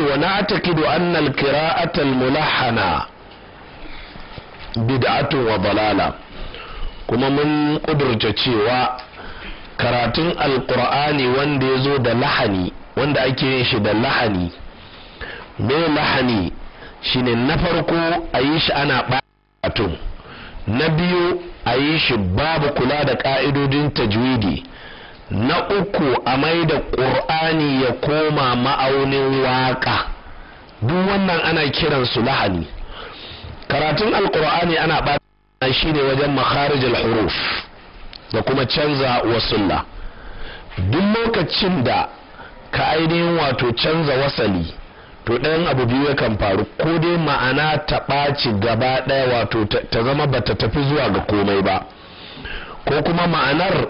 ce wa na'taqidu anna al-qira'ata al wa balala kuma mun kudurta cewa karatun alƙur'ani wanda ya zo da lahani wanda ake yin shi da lahani me lahani shine na farko a yi shi ana ɓatun na biyu a yi shi babu kula da ƙa'idodin tajwidi na uku a mai da ƙur'ani ya koma ma'aunin waƙa duk wannan ana kiran su lahani karatun alƙur'ani ana ɓata shi ne wajen makharijal huruf da kuma canza wasulla duk lokacin da ka ainihin wato canza wasali to ɗayan abu biyu ya kan faru ko dai ma'ana ta ɓaci gaba ɗaya wato ta zama bata tafi zuwa ga komai ba ko kuma ma'anar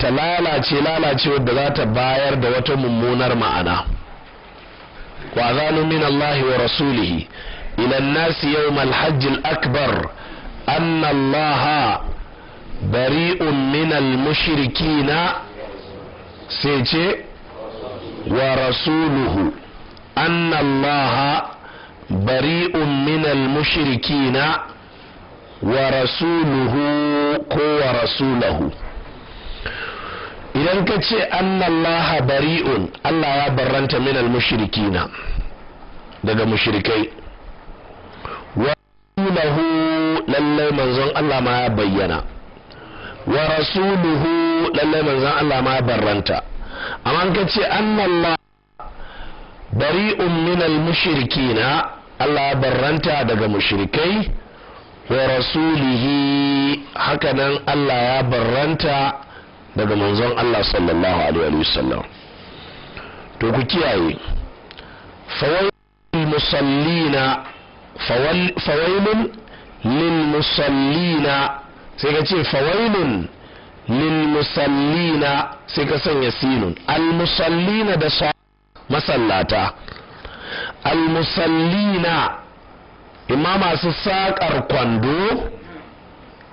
ta lalace lalacewar da za ta bayar da wata mummunar ma'ana wa zanu min Allah wa rasulihi ila an-nas yawm akbar anna Allah bari'un min al-mushrikina sai ce wa rasuluhu anna Allah bari'un min al-mushrikina wa rasuluhu ko wa rasulahu idan ka ce annallaha bari'un Allah ya barranta minal mushrikina daga mushrikai wa hu lallai manzon Allah ma ya bayyana wa rasuluhu lallai manzon Allah ma ya barranta amma ka ce annallah bari'un minal mushrikina Allah ya barranta daga mushrikai wa rasulihi hakanan Allah ya barranta daga manzon Allah sallallahu alaihi wasallam to ku kiyaye fawailul musallina fawailun lil musallina sai ka ce fawailun lil musallina sai ka sanya sinun al musallina da sa masallata al musallina imma masu saƙar kwando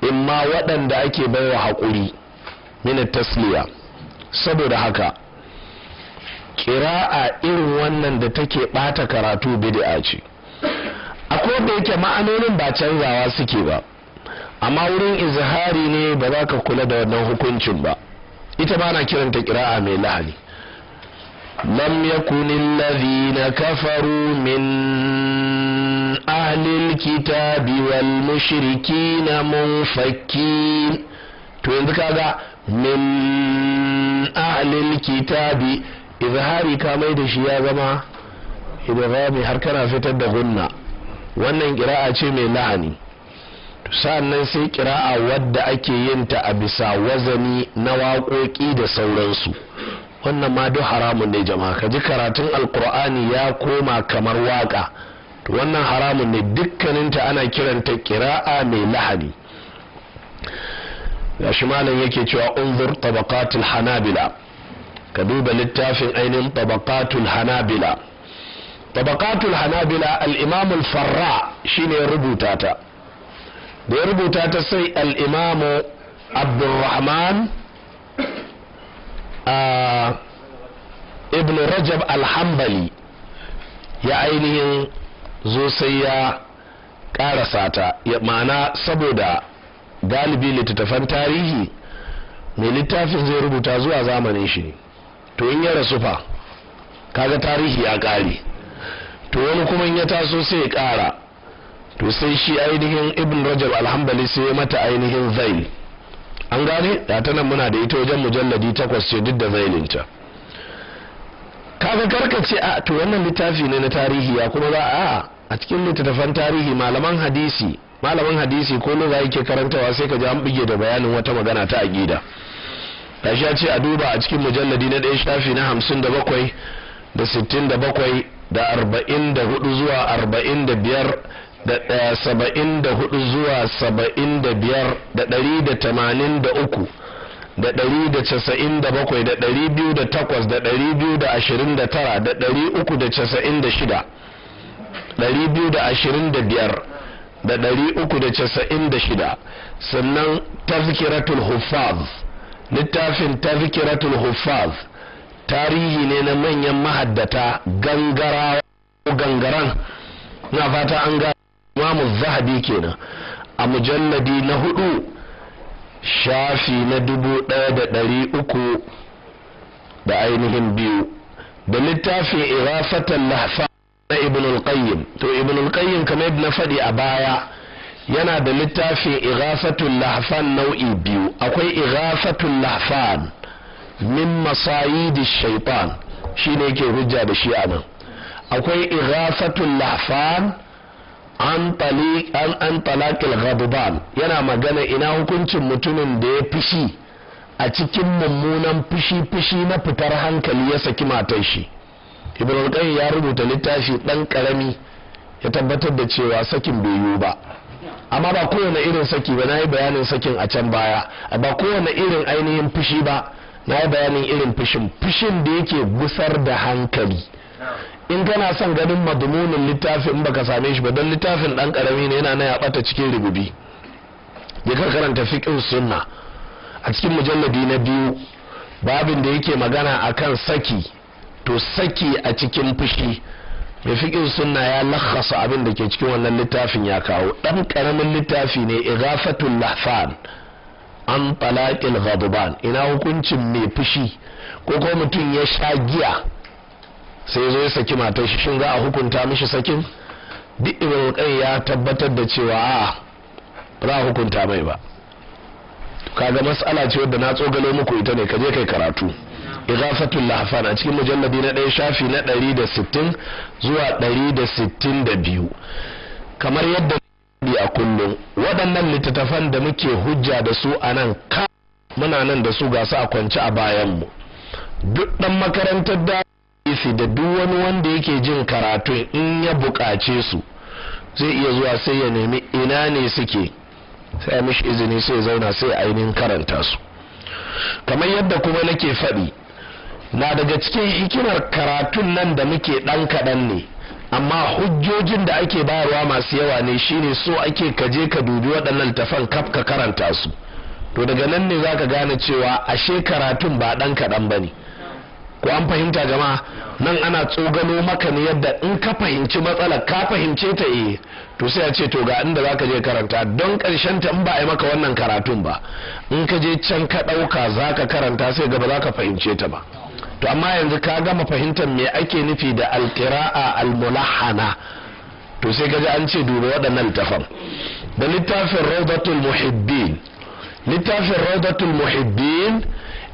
imma waɗanda ake baiwa haƙuri min tasliya saboda haka kira'a irin wannan da take bata karatu bid'a ce akwai da yake ma'anonin ba canzawa suke ba amma wurin izhari ne ba za ka kula da wannan hukuncin ba ita ba na kiranta kira'a mai lahani لم يكن الذين كفروا من أهل الكتاب والمشركين منفكين to yanzu kaga min ahlil kitabi izhari ka mai da shi ya zama idrabi har kana fitar da gunna wannan kira'a ce mai la'ani sannan sai kira'a wadda ake yin ta a bisa wazani na waƙoƙi da sauransu wannan ma duk haramun ne jama'a ka karatun alkur'ani ya koma kamar waƙa to wannan haramun ne dukkaninta ana kiranta kira'a mai lahani gashi malam yake cewa unzur tabaqatul hanabila ka duba littafin ainihin tabaqatul hanabila tabaqatul hanabila al-imam al-farra shine rubuta ta da ya rubuta ta sai al-imam abdurrahman ibn rajab al-hanbali ya ainihin zo sai ya karasa ta ma'ana saboda galibi littattafan tarihi mai littafin zai rubuta zuwa zamanin shi ne to in ya rasu fa kaga tarihi ya kare to wani kuma in ya taso sai ya kara to sai shi ainihin ibn rajab alhambali sai ya mata ainihin zail an gane da ta nan muna da ita wajen mujalladi takwas ce duk da zailinta kaga karkace a to wannan littafi ne na tarihi ya kuma ba a a cikin littattafan tarihi malaman hadisi malamin hadisi ko za yake karantawa sai ka ji an buge da bayanin wata magana ta aqida kashi ya ce a duba a cikin mujalladi na ɗaya shafi na hamsin da bakwai da sittin da bakwai da arba'in da hudu zuwa arba'in da biyar da eh, saba'in da hudu zuwa saba'in da biyar da ɗari da tamanin da uku da ɗari da casa'in da bakwai da ɗari biyu da takwas da ɗari biyu da ashirin da tara da ɗari uku da casa'in da shida ɗari biyu da ashirin da biyar da ɗari uku da casa'in da shida sannan tazkiratul hufaz littafin tazkiratul hufaz tarihi ne na manyan mahaddata gangara gangaran na fata an ga imamu zahabi kenan a mujalladi na hudu shafi na dubu ɗaya da ɗari uku da ainihin biyu da littafin irafatan lahfa na ibnul qayyim to ibnul qayyim kamar na faɗi a baya yana da littafin ighafatul lahfan nau'i biyu akwai ighafatul lahfan min masayidi shaitan shi ne ke hujja da shi anan akwai ighafatul lahfan an an talaqil ghadban yana magana ina hukuncin mutumin da ya fushi a cikin mummunan fushi fushi na fitar hankali ya saki matar shi ibn alqayyim ya rubuta littafi dan karami ya tabbatar da cewa sakin bai yiwu ba amma ba kowane irin saki ba na yi bayanin sakin a can baya ba kowane irin ainihin fushi ba na yi bayanin irin fushin fushin da yake gusar da hankali in kana son ganin madumunin littafin baka same shi ba don littafin dan karami ne yana na ya cikin rububi ya karanta fiqh sunna a cikin mujalladi na biyu babin da yake magana akan saki to saki a cikin fushi mai fiƙin sunna ya lakasa abin da ke cikin wannan littafin ya kawo ɗan ƙaramin littafi ne igafatul lahfan an talaqil ghadban ina hukuncin mai fushi ko ko mutum ya sha giya sai ya zo ya saki matar shi shin za a hukunta mishi sakin duk ibn qayyim ya tabbatar da cewa a ba a hukunta mai ba kaga mas'ala ce wadda na tsogalo muku ita ne ka je kai karatu igafatul lahfan a cikin mujalladi na ɗaya shafi na da sittin zuwa da da sittin biyu kamar yadda a kullum waɗannan littattafan da muke hujja da su a nan ka muna nan da su ga su a kwance a bayanmu duk ɗan makarantar da da duk wani wanda yake jin karatu in ya buƙace su zai iya zuwa sai ya nemi ina ne suke sai mishi izini sai zauna sai ainihin karanta su kamar yadda kuma nake faɗi na daga cikin hikimar karatun nan da muke ɗan kaɗan ne amma hujjojin da ake bayarwa masu yawa ne shine so ake kaje ka dubi waɗannan tafan kaf ka karanta su to daga nan ne za ka gane cewa ashe karatun ba ɗan kaɗan ba ne ko an fahimta gama nan ana tsogano maka ne yadda in ka fahimci matsalar ka fahimce ta eh to sai a ce to ga inda za ka je karanta don karshen ta in ba a yi maka wannan karatun ba in ka je can ka ɗauka za ka karanta sai gaba za ka fahimce ta ba to amma yanzu ka gama fahimtar me ake nufi da alkira'a almulahana to sai ka an ce duba waɗannan littafan da littafin rawdatul muhibbin littafin rawdatul muhibbin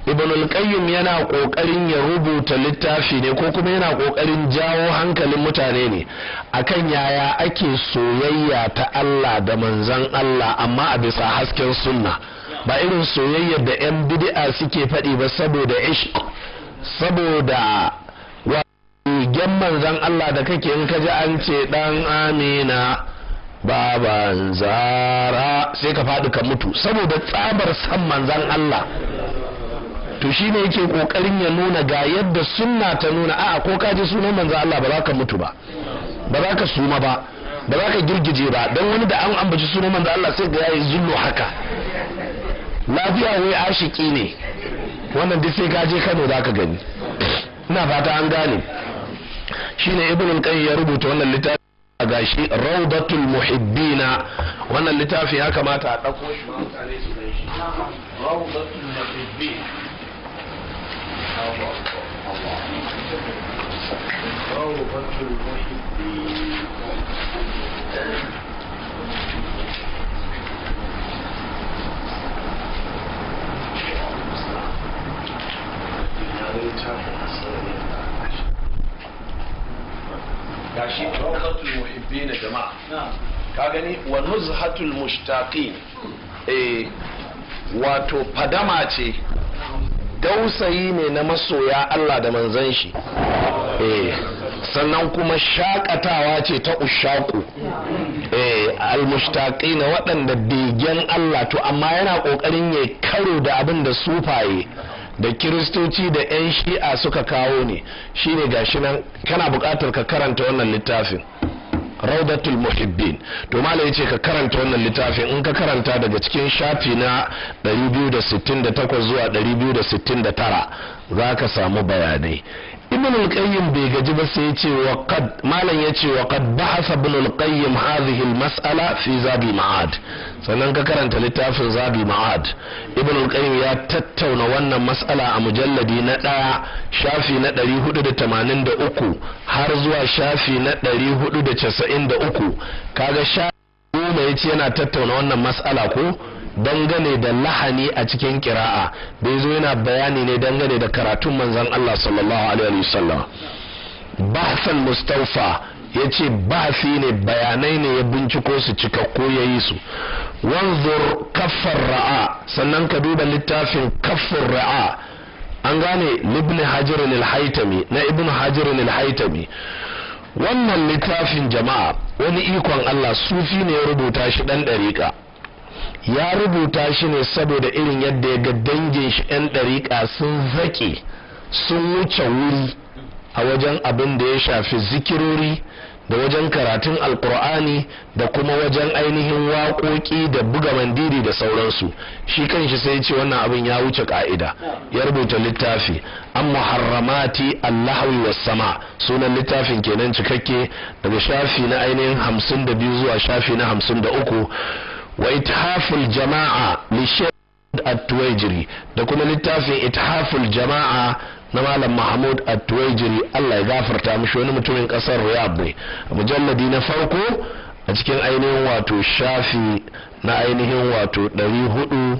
ibn al yana kokarin ya rubuta littafi ne ko kuma yana kokarin jawo hankalin mutane ne akan yaya ake soyayya ta Allah da manzon Allah amma a bisa hasken sunna ba irin soyayya da 'yan bid'a suke faɗi ba saboda ishq saboda rigen manzan Allah da kake in ka ji an ce ɗan amina baban zara sai ka faɗi ka mutu saboda tsabar san manzan Allah to shi ne yake ƙoƙarin ya nuna ga yadda sunna ta nuna a'a ko ka ji sunan manzan Allah ba za ka mutu ba ba za ka suma ba ba za ka girgije ba don wani da an ambaci sunan manzan Allah sai ga yayi zullo haka lafiya wai ashiki ne wannan duk sai ka je Kano zaka gani ina fata an gane shine ibn al-qayyim ya rubuta wannan littafi gashi rawdatul muhibbina wannan littafi ya kamata a dauko shi mutane su gani shi rawdatul muhibbin jama'a ka gani wa nuzhatul mushtaqin eh wato fadama ce dausayi ne na masoya Allah da manzon shi eh sannan kuma shakatawa ce ta ushaku eh almushtaqi na waɗanda begen Allah to amma yana ƙoƙarin ya karo da abin da sufaye da kiristoci da 'yan shi'a suka kawo ne shine gashi nan kana buƙatar ka karanta wannan littafin raudatul muhibbin to malai ce ka karanta wannan littafin in ka karanta daga cikin shafi na 268 zuwa 269 za ka samu bayanai ibn al-qayyim bai gaji ba sai yace wa qad malam ya ce wa qad ba'atha ibn al-qayyim hadhihi al-mas'ala fi zabi ma'ad sannan ka karanta littafin zabi ma'ad ibn al-qayyim ya tattauna wannan mas'ala a mujalladi na ɗaya shafi na 483 har zuwa shafi na 493 kaga shafi goma yace yana tattauna wannan mas'ala ko dangane da lahani a cikin kira'a bai zo yana bayani ne dangane da karatun manzan Allah sallallahu alaihi wasallam bahsan mustafa ya ce bahsi ne bayanai ne ya binciko su cikakko ya yi su wanzur kafar ra'a sannan ka duba littafin kafar ra'a an gane ibn hajar al-haitami na ibn hajar al-haitami wannan littafin jama'a wani ikon Allah sufi ne ya rubuta shi dan dariƙa ya rubuta shi ne saboda irin yadda ya ga dangin shi 'yan ɗariƙa sun zaƙe sun wuce wuri a wajen abin da ya shafi zikirori da wajen karatun alkur'ani da kuma wajen ainihin waƙoƙi da buga mandiri da sauransu shi kanshi sai ce wannan abin ya wuce ka'ida ya rubuta littafi an muharramati allahawi was sama sunan littafin kenan cikakke daga shafi na ainihin hamsin da biyu zuwa shafi na hamsin da uku wa ithaful jama'a li at-tuwajiri da kuma littafin ithaful jama'a na malam mahmud at-tuwajiri Allah ya gafarta mishi wani mutumin kasar Riyadh ne mujalladi na farko a cikin ainihin wato shafi na ainihin wato 400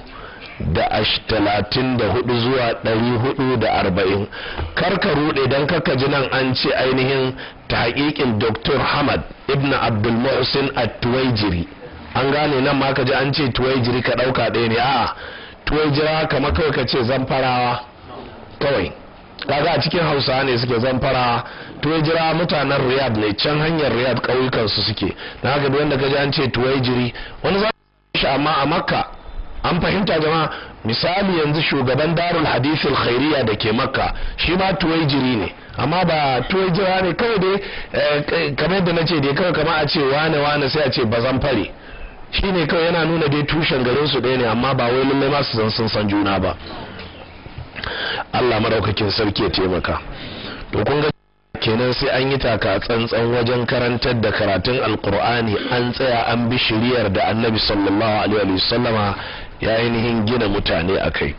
da talatin da hudu zuwa ɗari hudu da arba'in karka rude don kaka ji nan an ce ainihin ta haƙiƙin dr hamad ibn abdul muhsin at-tuwajiri an gane nan ma ka ji an ce tuwai jiri ka ɗauka ɗaya ne a tuwai jira kamar kawai ka ce zamfarawa kawai kaga a cikin hausa ne suke zamfara tuwai jira mutanen riyad ne can hanyar riyad ƙauyukan suke na haka duk wanda ka ji an ce tuwai jiri wani za shi amma a makka an fahimta jama'a misali yanzu shugaban darul hadithul khairiya da ke makka shi ma tuwai jiri ne amma ba tuwai jira ne kawai dai eh, eh, kamar yadda na ce dai kawai kamar a ce wane wane sai a ce bazan fare shi ne kawai yana nuna dai tushen garin su ɗaya ne amma ba wai lallai ma su san sun san juna ba Allah maraukakin sarki ya taimaka to kun ga kenan sai an yi taka tsantsan wajen karantar da karatun alkur'ani an tsaya an bi shiriyar da annabi sallallahu alaihi wasallama ya ainihin gina mutane a kai